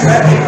Thank you.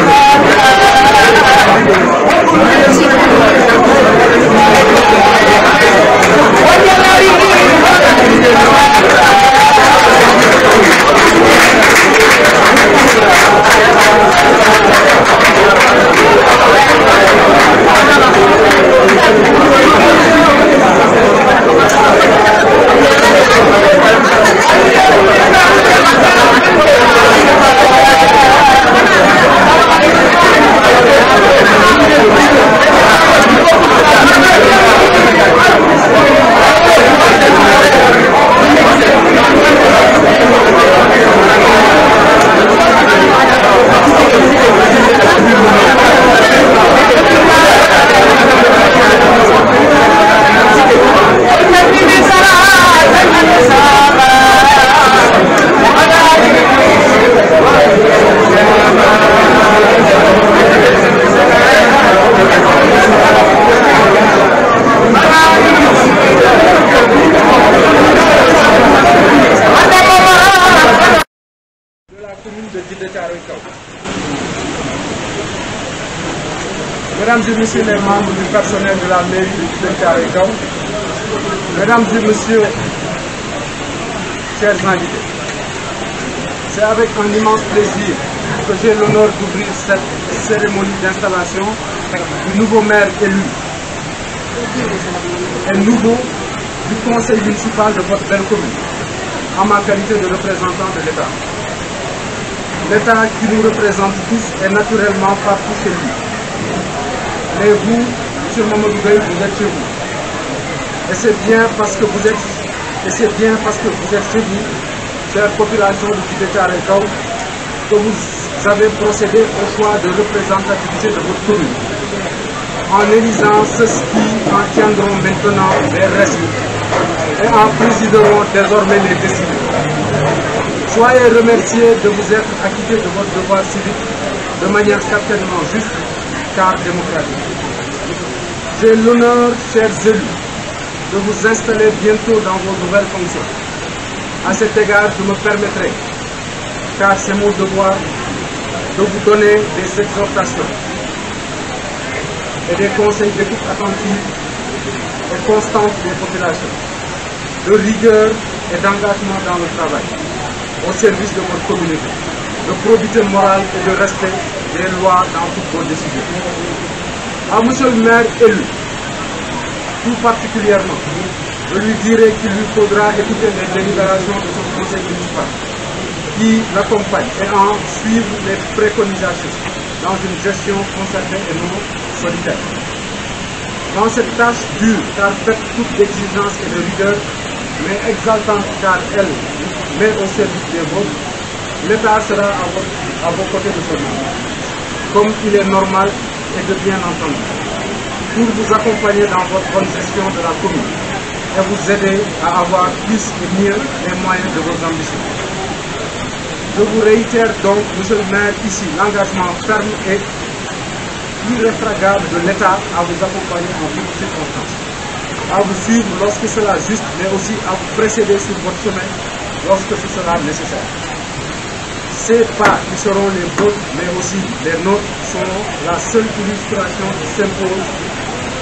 Thiam Mesdames et Messieurs les membres du personnel de la mairie de Thiaroye-Kao, Mesdames et Messieurs, chers invités, c'est avec un immense plaisir que j'ai l'honneur d'ouvrir cette cérémonie d'installation du nouveau maire élu et nouveau du conseil municipal de votre belle commune, en ma qualité de représentant de l'État. L'État qui nous représente tous est naturellement partout chez Mais vous, M. Mamadou vous êtes chez vous. Et c'est bien parce que vous êtes, et bien parce que vous chez vous, c'est population de Kibéta que vous avez procédé au choix de représentativité de votre commune. En élisant ceux qui en tiendront maintenant les résultats et en présideront désormais les décisions. Soyez remerciés de vous être acquittés de votre devoir civique de manière certainement juste car démocratique. J'ai l'honneur, chers élus, de vous installer bientôt dans vos nouvelles fonctions. À cet égard, je me permettrai, car c'est mon devoir, de vous donner des exhortations et des conseils d'écoute attentifs et constante des populations, de rigueur et d'engagement dans le travail, au service de votre communauté, de probité morale et de respect des lois dans toutes vos décisions. À ah, monsieur le maire élu, tout particulièrement, je lui dirai qu'il lui faudra écouter les délibérations de son conseil municipal qui l'accompagne et en suivre les préconisations dans une gestion concertée et non solitaire. Dans cette tâche dure, car faite toute exigence et de rigueur, mais exaltante car elle met au service des vôtres, l'État sera à, votre, à de son comme il est normal et de bien entendu, pour vous accompagner dans votre bonne gestion de la commune et vous aider à avoir plus et mieux les moyens de vos ambitions. Je vous réitère donc, monsieur ici l'engagement ferme et irréfragable de l'État à vous accompagner en toutes circonstances, à vous suivre lorsque cela juste, mais aussi à vous précéder sur votre chemin lorsque ce sera nécessaire. Ces pas qui seront les vôtres, mais aussi les nôtres, sont la seule illustration qui s'impose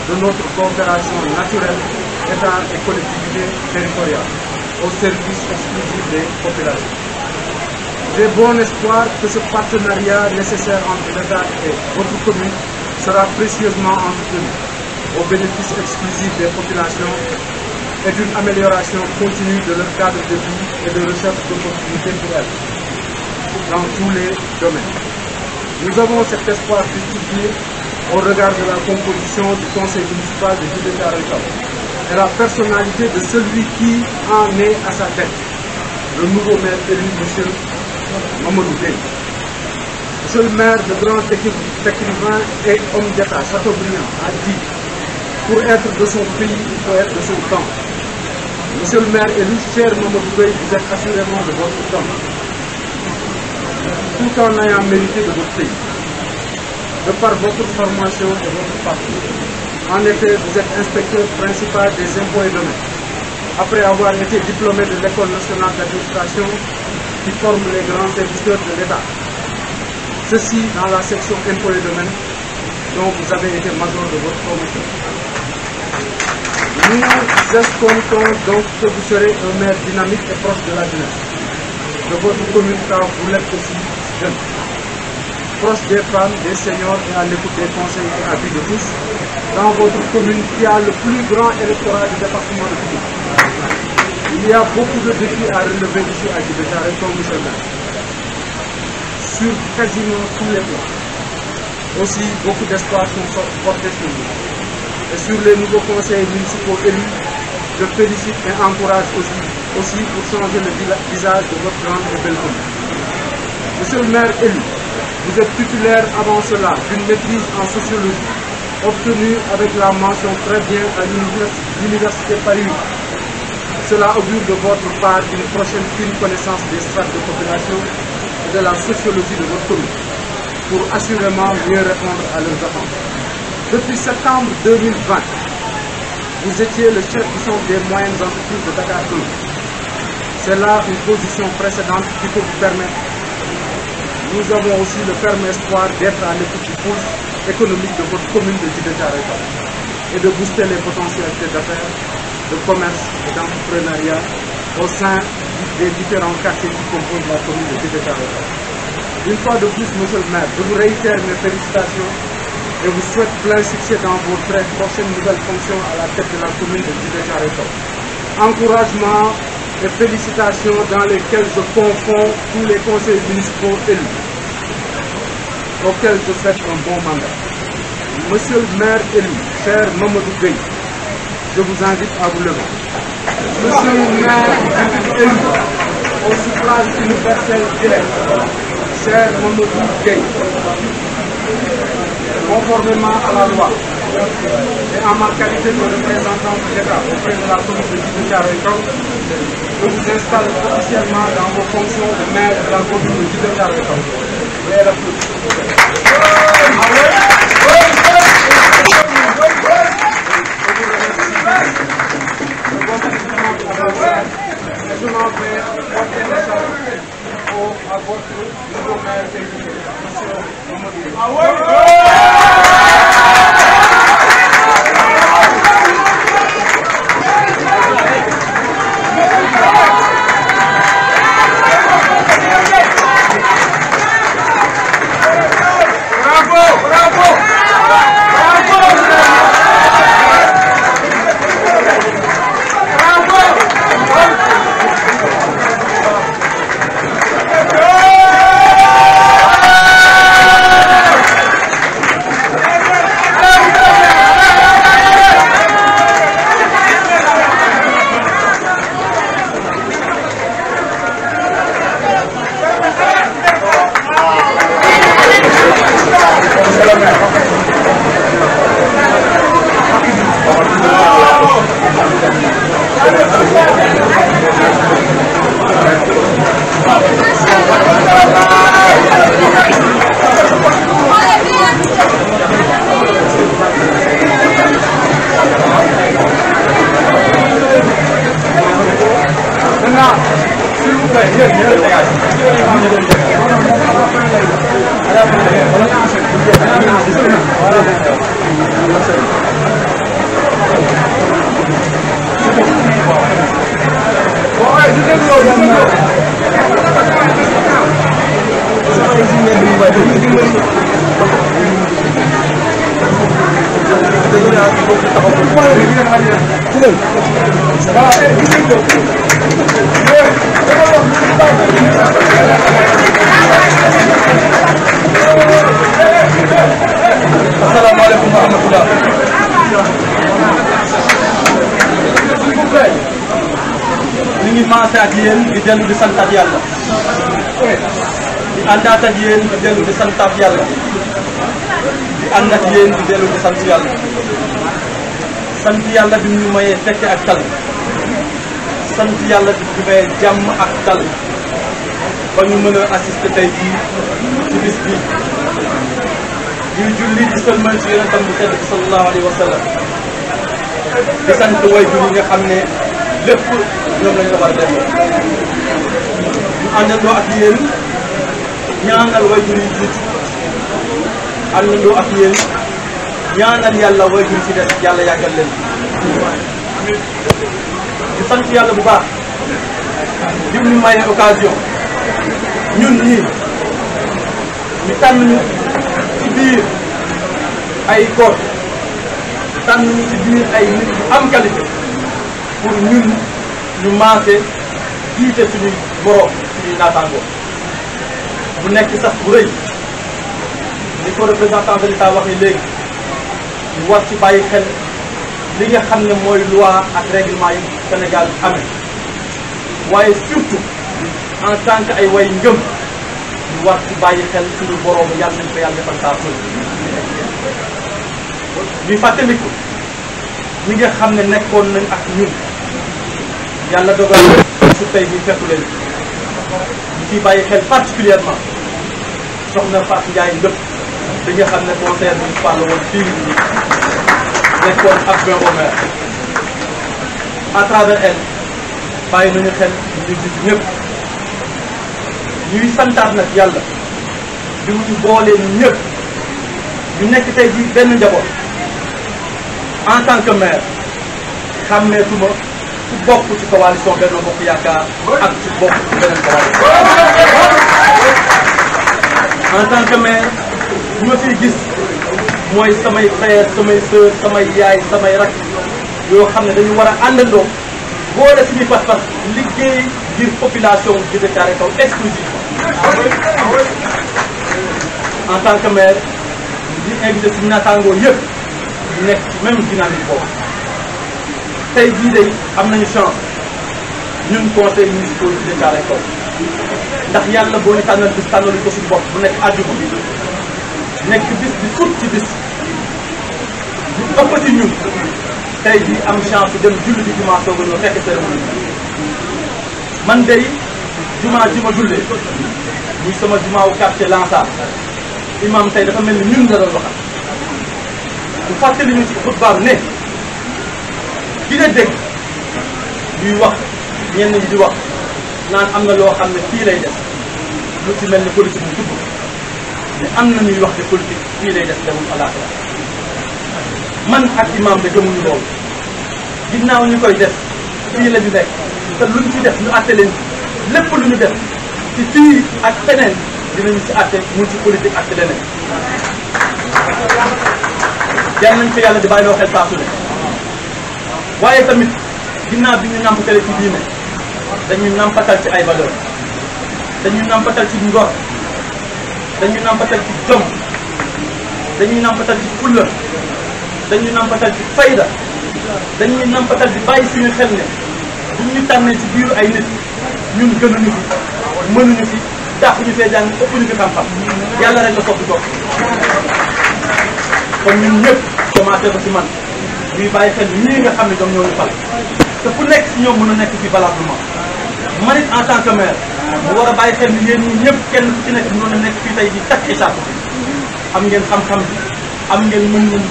de notre coopération naturelle, État et collectivités territoriales, au service exclusif des populations. J'ai bon espoir que ce partenariat nécessaire entre l'État et votre commune sera précieusement entretenu au bénéfice exclusif des populations et d'une amélioration continue de leur cadre de vie et de recherche d'opportunités pour dans tous les domaines. Nous avons cet espoir justifié au regard de la composition du conseil municipal de djidah et la personnalité de celui qui en est à sa tête, le nouveau maire élu, monsieur Mamadou Gueye. Monsieur le maire, de grand écrivain et homme d'État, Chateaubriand, a dit pour être de son pays, il faut être de son temps. Monsieur le maire élu, cher Mamadou Gueye, vous votre temps. tout en ayant mérité de votre pays. De par votre formation et votre parcours, en effet, vous êtes inspecteur principal des impôts et domaines. Après avoir été diplômé de l'École nationale d'administration qui forme les grands serviteurs de l'État. Ceci dans la section impôts dont vous avez été major de votre promotion. Nous escomptons donc que vous serez un maire dynamique et proche de la jeunesse. De votre commune car vous l'êtes aussi Proche des femmes, des seniors et à l'écoute des conseils et avis de tous, dans votre commune qui a le plus grand électorat du département de Fatick. Il y a beaucoup de défis à relever ici à Djibitar et sur quasiment tous les plans. Aussi, beaucoup d'espoir sont portés sur nous. Et sur les nouveaux conseils municipaux élus, je félicite et encourage aussi, pour changer le visage de notre grande et Monsieur le maire élu, vous êtes titulaire avant cela d'une maîtrise en sociologie obtenue avec la mention très bien à l'Université Paris. Cela augure de votre part une prochaine fine connaissance des strates de population et de la sociologie de votre commune pour assurément mieux répondre à leurs attentes. Depuis septembre vous étiez le chef du centre des moyennes entreprises de Dakar 2. C'est là une position précédente qui peut vous permettre Nous avons aussi le ferme espoir d'être à l'écoute du pouce économique de votre commune de Djidé et de booster les potentialités d'affaires, de commerce et d'entrepreneuriat au sein des différents quartiers qui composent la commune de Djidé Une fois de plus, Monsieur le maire, je vous réitère mes félicitations et vous souhaite plein succès dans vos très prochaines nouvelles à la tête de la commune de Djidé Encouragement et félicitations dans lesquelles je confonds tous les conseils municipaux élus, auxquels je fais un bon mandat. Monsieur le maire élu, cher Mamadou Gueye, je vous invite à vous lever. Monsieur le maire élu, au suffrage universel direct, cher Mamadou Gueye, conformément à la loi, Et en ma qualité de représentant de l'État auprès de la commune de Djidah Thiaroye Kao, je vous installe officiellement dans vos fonctions de maire de la commune de Djidah Thiaroye Kao. Et la Je m'en vais porter la charge à votre nouveau maire député, monsieur Mamadou. dellu di santaat yàlla di àndaat ak yéen di dellu di santaat yàlla di ànd ak yéen di dellu di sant yàlla sant yàlla bi ñu mayee fekke ak tal sant yàlla bi ñu mayee ak tal ba ñu mën a assister tey jii ci bis bi julli di sëlmal ci yonentam bu tedd bi sallallahu alayhi wa sallam di sant way jur nga xam ne lépp ñoom la ñu la war a delloo ñu àndandoo ak yéen ñaanal wayjur yi jiitu àndandoo ak yéen ñaanal yàlla wayjur ci des yàlla yàggal leen di sant yàlla bu baax dim ñu maye occasion ñun ñii ñu tànn ñu biir ay góor tànn ñu biir ay am qualité pour ñun ñu maase jiite suñuy borom suñuy naataango bu nekk sax bu rëy ni ko représentant de l'État waxee léegi ñu war ci bàyyi xel li nga xam ne mooy loi ak règlement yi Sénégal amee waaye surtout en tant ay way ngëm ñu war ci bàyyi xel suñu borom yàlla nañ ko yàlla defal saa su ñu fàttaliku ñi nga xam ne nekkoon nañ ak ñun. yàlla dogal su tey bi fekku leen ñu bàyyi xel particulièrement soxna Fatou Ndiaye Ndëpp bi nga xam ne conseiller municipal la woon fii ñu gis ñëpp ñuy santaat nag yàlla di ñu boole ñëpp ñu nekk tey ji benn njaboot en tant que maire xàmmeetuma bokk ci coalition Benno Bokk Yaakaar ak ci bokk ci beneen en tant que maire ñu ma fiy gis mooy samay frère samay sœur samay yaay samay rak yoo xam ne dañu war a àndandoo boole suñu pas-pas liggéey ngir population bi de Thiaroye Kaw exclusivement en tant que maire di invité suñu naataangoo yëpp nekk ci même dynamique boobu tey jii day am nañu chance ñun conseil municipal de Ndiarème Kaw ndax yàlla boo ñu tànnal bis tànnaluñ ko suñu bopp bu nekk àjjuma nekk bis bi tuut ci bis ñu ëppati ñun tey jii am chance dem julli di jumaa soog a ñëw fekk cérémonie man day jumaa ji ma jullee muy sama jumaa wu quartier Lansar imam tey dafa mel ni ñun la doon waxal bu fàttali ñu ci xutbaam ne dina dégg ñuy wax ñenn ñi di wax naan am na loo xam ne fii lay def lu ci mel ni politique mu dugg mais am na ñuy wax ne politique fii lay des demul alaxira man ak imam de gëmuñu loolu ginnaaw ñu koy def fii la ñu nekk te luñ ci def ñu àtte leen lépp lu ñu def ci fii ak feneen dinañu ci àtte mu ci politique ak ci leneen. yal nañ ci yàlla di bàyyi loo xel saa su ne waaye tamit ginnaaw bi ñu nàmpatale ci diine dañu nàmpatal ci ay valeur dañuy nàmpatal ci ngor dañu nàmpatal ci jom dañuy nàmpatal ci fulla dañuy nàmpatal ci fayda dañuy nàmpatal ci bàyyi suñu xel ne bu ñu tànnee ci biiru ay nit ñun gënuñu fi mënuñu fi dàq ñu fee jàng ëpp ñu fi xam-xam yàlla rek la soppi toog kon ñun ñëpp commencé ko ci man ñuy bàyyi xel ñii nga xam ne ñoom ñoo ñu fal te ku nekk si ñoom mën a nekk fii valablement man it en tant que maire mu war a bàyyi xel ni yéen ñi ñëpp kenn ci nekk mënoon a nekk fii tey di takk étape am ngeen xam-xam bi am ngeen mën-mën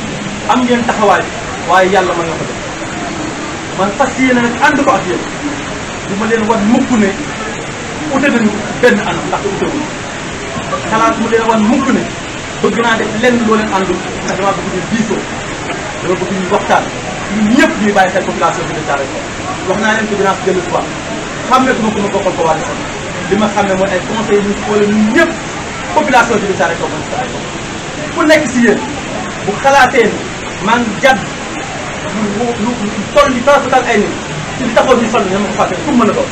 am ngeen taxawaay waaye yàlla mën na ko def man fas yéene nag ànd ko ak yéen du ma leen wan mukk ne ute nañu benn anam ndax ute wuñu xalaat mu leen wan mukk ne bëgg naa def lenn loo leen àndul ndax damaa bëgg dama bëgg ñu waxtaan ñun ñëpp ñuy bàyyi xel population bi de Thiaroye Kaw wax naa ko dinaa dellu si waat xam ne duma ko ma ko waa ma xam ne mooy ay conseil ñu wala ñun ñëpp population bi de Thiaroye Kaw nekk si xalaatee ni maa ngi jàdd lu lu toll ni tarafatal ay nit ci li ko pour mën a doon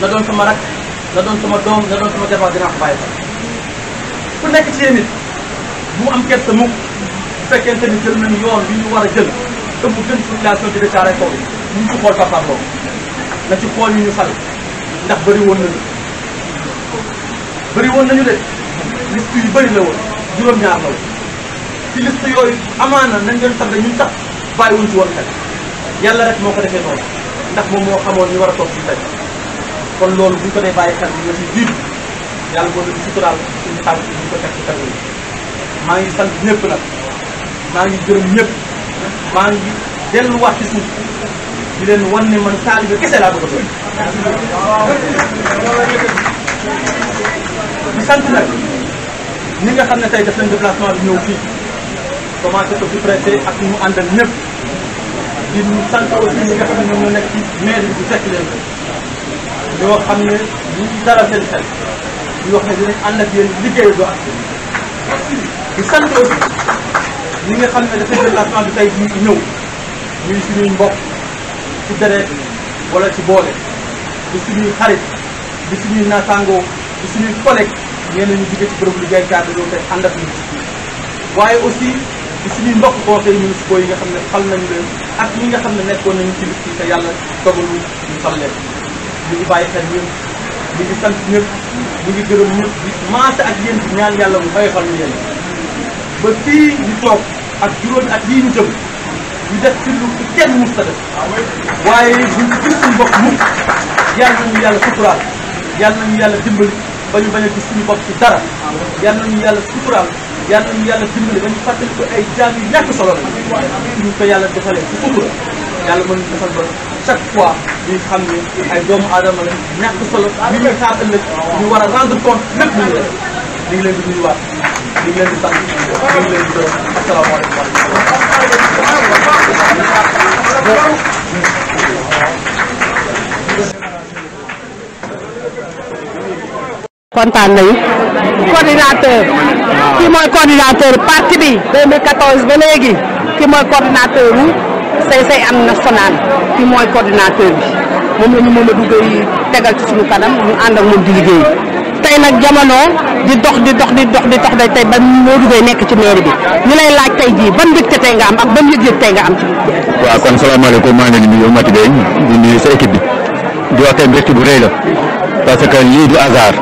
na doon sama rak na doon sama doom na doon sama jabar dinaa ko bàyyi xel ku nekk ci yéen it bu mu am gerte mukk fekkente ni jël nañu yoon bi ñu war a jël te mu gën population bi de Thiaroye Kaw yi ñu ci xool Fapal loolu na ci xool ñu ñu fal ndax bëri woon nañu bëri woon nañu de liste yu bëri la woon juróom-ñaar la woon ci liste yooyu amaana nañ leen sax ñun sax bàyyiwuñ ci woon xel yàlla rek moo ko defee noonu ndax moom moo xamoon ñu war a toog ci tey kon loolu bu ko dee bàyyi xel ñu nga ci jiitu yàlla boo leen suturaal suñu tànk ñu ko teg ci tegu maa ngi sant ñëpp nag. maa ngi gërëm ñëpp maa ngi delluwaat ci suuf leen wan ne man taalibe kese laa bëgg a doon. di sant nag ñi nga xam ne tey def nañ déplacement bi ñëw fii commencé ko ci préfet ak ñu mu àndal ñëpp di sant aussi ñi nga xam ne ñoom nekk ci maire bu fekk leen ko yoo xam ne ñu dara seen xel di wax ne dinañ ànd ak yéen liggéey doo ak di sant aussi. ñi nga xam ne dafay jël l'argent bi tey jii ñëw ñuy suñuy mbokk ci deret wala ci boole di suñuy xarit di suñuy naataangoo di suñuy collègue ñenn ñu jóge ci bërëb liggéeykat dañoo tey ànd ak ñun waaye aussi di mbokk conseil municipaux yi nga xam ne fal nañu leen ak ñi nga xam ne nekkoon nañu ci liste te yàlla dogalu ñu fal leen ñu ngi bàyyi xel ñun ñu ngi sant ñëpp ñu ngi gërëm ñëpp di maase ak yéen ci ñaan yàlla mu bayfal ñu yéen ba fii ñu toog ak juróomi at yii ñu jëm def ci lu kenn mus ta def waaye buñ gis suñu bopp mukk yàlla nañu yàlla suturaal yàlla nañu yàlla dimbali ba ñu bañ a gis suñu bopp ci dara yàlla nañu yàlla suturaal yàlla nañu yàlla dimbali ba ñu fàttali ko ay jaam yu ñàkk solo la ñu ko yàlla defalee ci sutura yàlla mën ñu defal ba chaque fois ñuy xam ne ay doomu aadama la ñàkk solo ñu ñuy xaar ëllëg ñu war a rendre compte lépp ñu def ñu ngi leen di ñu ngi kontaan nañu coordinateur ki mooy coordinateur parti bi 2014 ba léegi ki mooy coordinateur say-say am national ki mooy coordinateur bi moom la ñu Mamadou tegal ci suñu kanam ñu ànd ak moom di tey nag jamono di dox di dox di dox di dox day tey ba Modou Gueye nekk ci mairie bi ñu lay laaj tey jii ban mbégte tey nga am ak ban yëg-yëg tey nga am ci. waaw kon salaamaaleykum maa ngi leen di nuyu Mati Gueye di nuyu sa équipe bi di wax tey mbégte bu rëy la parce que lii du hasard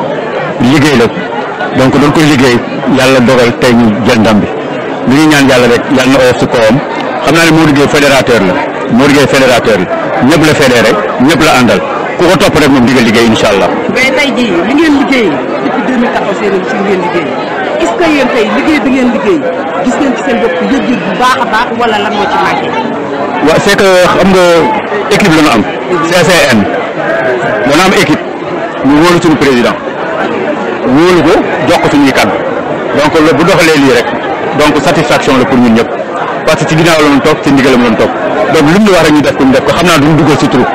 liggéey la donc doon ko liggéey yàlla dogal tey ñu jël ndam bi li ñu ñaan yàlla rek yàlla na oyof si kawam xam naa ne Modou Gueye fédérateur la Modou Gueye fédérateur la ñëpp la fédéré ñëpp la àndal ku ko topp rek moom di nga liggéey incha allah. mais tey jii li ngeen liggéey gën a taxaw seen si ngeen liggéey est bi ngeen liggéey gis ngeen ci seen bopp yëg-yëg bu baax baax wala lan moo ci manqué. waaw c'est que xam nga équipe la ñu am. CCN. dana am équipe. ñu wóolu suñu président. wóolu ko jox ko suñuy kàddu. donc loolu bu doxalee lii rek. donc satisfaction la pour ñun ñëpp. parce que ci ginnaaw la ñu toog ci ndigal la ñu toog. donc lu mu ñu wax rek ñu def ko xam naa duñ duggal si trop.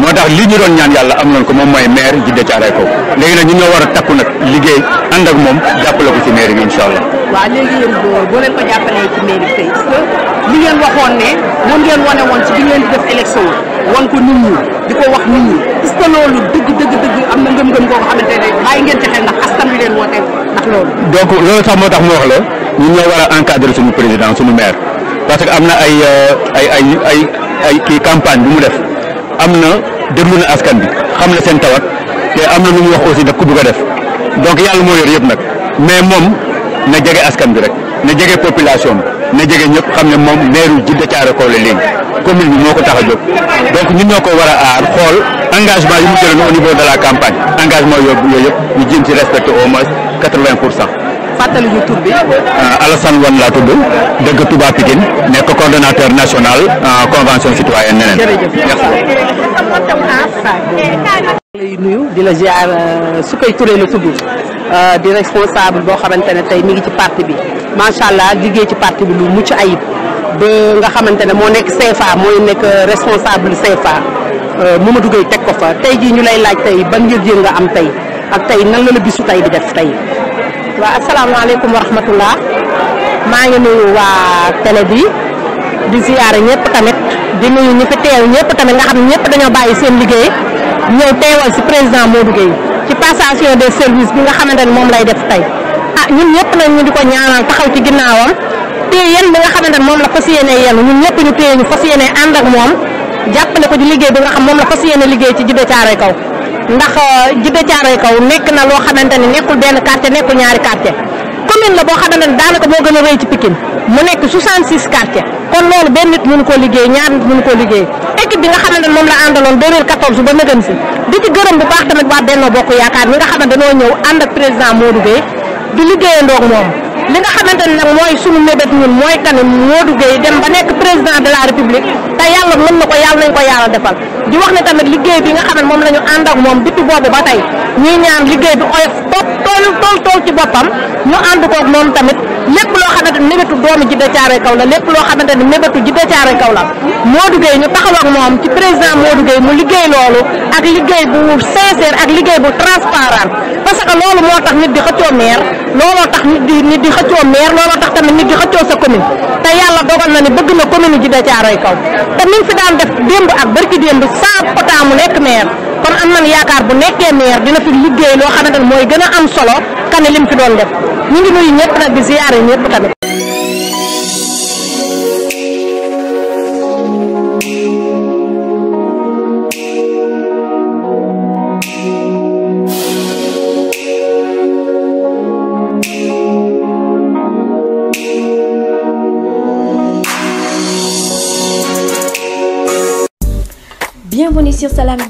moo tax lii ñu doon ñaan yàlla am na nañ ko moom mooy maire Djiddah Thiaroye Kaw léegi nag ñu ñoo war a takku nag liggéey ànd ak moom jàppale ko ci maire bi incha allah. waaw léegi yéen boo leen ko jàppalee ci loolu donc loolu sax moo tax mu wax la ñu ñoo war a encadrer suñu président suñu maire parce que am na ay euh, ay ay ay kii campagne bi mu def am na dem déglu na askan bi xam na seen tawat te am na lu mu wax aussi daf ko bëgg a def donc yàlla moo yor yëpp nag mais moom na jege askan bi rek na jege population bi na jege ñëpp xam ne moom maire Djiddah Thiaroye Kao la léegi commune bi moo ko tax a jóg donc ñun ñoo ko war a xool engagement yu mu jëloon au niveau de la campagne engagement yooyu yooyu yëpp ñu jéem ci respecté au moins quatre-vingt pour cent fàttali ñu tur bi. Euh, Alassane Wan laa tudd dëgg Touba Pikine nekk coordonnateur national euh, convention citoyenne neneen. jërëjëf merci. lay nuyu di la ziar euh, su koy turee la tudd di responsable boo xamante ne tey mi ngi ci parti bi macha allah liggéey ci parti bi lu mucc ayib ba nga xamante ne moo nekk CFA mooy nekk responsable CFA ma duggee teg ko fa tey jii ñu lay laaj tey ban yëg-yëg nga am tey ak tey nan la la bisu tey di def tey. waaw asalaamaaleykum wa rahmatullah maa ngi nuyu waa télé bi di ziyaare ñëpp tamit di nuyu ñi fi teew ñëpp tamit nga xam ne dañoo bàyyi seen liggéey ñëw teewal si président Modou Gueye ci passation des services bi nga xamante ne moom lay def tey ah ñun ñëpp nag ñu di ko ñaanal taxaw ci ginnaawam téye yéen bi nga xamante ne moom la fas yéene yéen ñun ñu téye ñu fas yéene ànd ak moom jàppale ko ci liggéey bi nga xam moom la fas yéene liggéey ci Djidah Thiaroye Kaw ndax euh, Djiddah Thiaroye Kaw nekk na loo xamante ne nekkul benn quartier nekkul ñaari quartier commune la boo xamante daanaka moo gën a rëy ci Pikine mu nekk 66 quartier kon loolu benn nit mënu koo liggéey ñaar nit mënu koo liggéey équipe bi nga xamante moom la àndaloon 2014 ba nëgën si di ci gërëm bu baax tamit waa Benno Bokk Yaakaar mi nga xamante ñëw ànd ak président Modou Gueye di liggéeyandoo ak moom li nga xamante ne nag mooy sunu mébét ñun mooy kanam Modou Gueye dem ba nekk président de la république te yàlla mën na ko yàlla nañ ko yàlla defal di wax ne tamit liggéey bi nga xam ne moom la ñu ànd ak moom depuis boobu ba tey ñuy ñaan liggéey bi oyof tool tool tool ci boppam ñu ànd koog moom tamit lépp loo xamante ne mébétu doomu Djidda Thiaroye Kaw la lépp loo xamante ne mébétu Djidda Thiaroye Kaw la Modou Gueye ñu taxaw ak moom ci président que loolu moo tax looloo tax nit di nit di xëccoo maire looloo tax tamit nit di xëccoo sa commune te yàlla dogal na ni bëgg na commune ji da caaroy kaw te min fi daan def démb ak barki démb saa potaa mu nekk maire kon am nañ yaakaar bu nekkee maire dina fi liggéey loo xamante ne mooy gën a am solo kane lim fi doon def ñu ngi nuyu ñëpp nag di ziyaare ñëpp tamit sur Salam